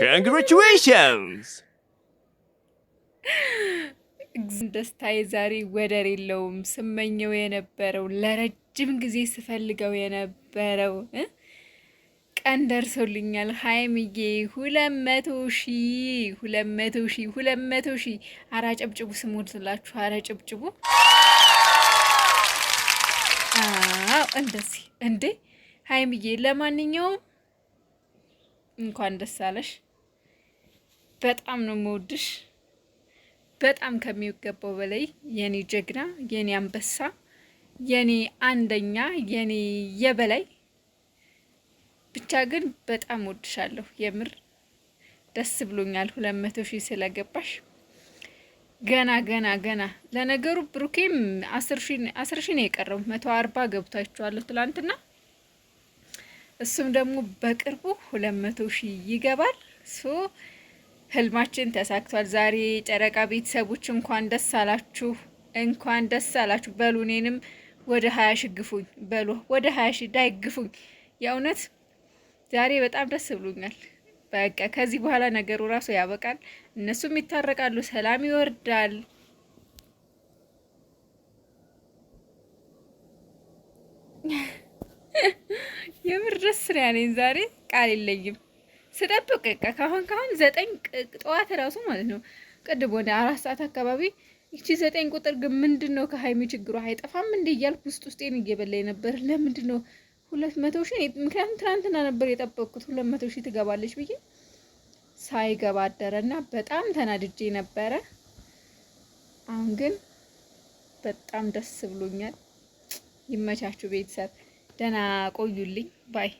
ኮንግራቹሌሽንስ! ደስታዬ ዛሬ ወደር የለውም። ስመኘው የነበረው ለረጅም ጊዜ ስፈልገው የነበረው ቀን ደርሶልኛል። ሀይምዬ ሁለት መቶ ሺ ሁለት መቶ ሺ ሁለት መቶ ሺ አራ ጨብጭቡ፣ ስሞትላችሁ አራ ጨብጭቡ። አዎ እንደዚህ እንዴ! ሀይምዬ ለማንኛውም እንኳን ደስ አለሽ። በጣም ነው መወድሽ። በጣም ከሚገባው በላይ የኔ ጀግና፣ የኔ አንበሳ፣ የኔ አንደኛ፣ የኔ የበላይ ብቻ ግን በጣም ወድሻለሁ። የምር ደስ ብሎኛል ሁለት መቶ ሺህ ስለገባሽ። ገና ገና ገና ለነገሩ ብሩኬም አስር ሺህ ነው የቀረው። መቶ አርባ ገብቷችኋለሁ ትላንትና። እሱም ደግሞ በቅርቡ ሁለት መቶ ሺህ ይገባል ሶ ህልማችን ተሳክቷል። ዛሬ ጨረቃ ቤተሰቦች እንኳን ደስ አላችሁ፣ እንኳን ደስ አላችሁ በሉ። እኔንም ወደ ሀያ ሺ ግፉኝ በሉ፣ ወደ ሀያ ሺ ዳይ ግፉኝ። የእውነት ዛሬ በጣም ደስ ብሎኛል። በቃ ከዚህ በኋላ ነገሩ ራሱ ያበቃል፣ እነሱም ይታረቃሉ፣ ሰላም ይወርዳል። የምር ደስ ነው ያለኝ ዛሬ ቃል የለኝም። ስጠብቅ በቃ ካሁን ካሁን ዘጠኝ ጠዋት ራሱ ማለት ነው ቅድም ወደ አራት ሰዓት አካባቢ ይቺ ዘጠኝ ቁጥር ግን ምንድን ነው ከሀይሚ ችግሯ አይጠፋም እንዲ እያልኩ ውስጥ ውስጤን እየበላኝ ነበር። ለምንድን ነው ሁለት መቶ ሺ ምክንያቱም ትናንትና ነበር የጠበቅኩት ሁለት መቶ ሺ ትገባለች ብዬ ሳይገባ አደረ እና በጣም ተናድጄ ነበረ። አሁን ግን በጣም ደስ ብሎኛል። ይመቻችሁ ቤተሰብ፣ ደህና ቆዩልኝ ባይ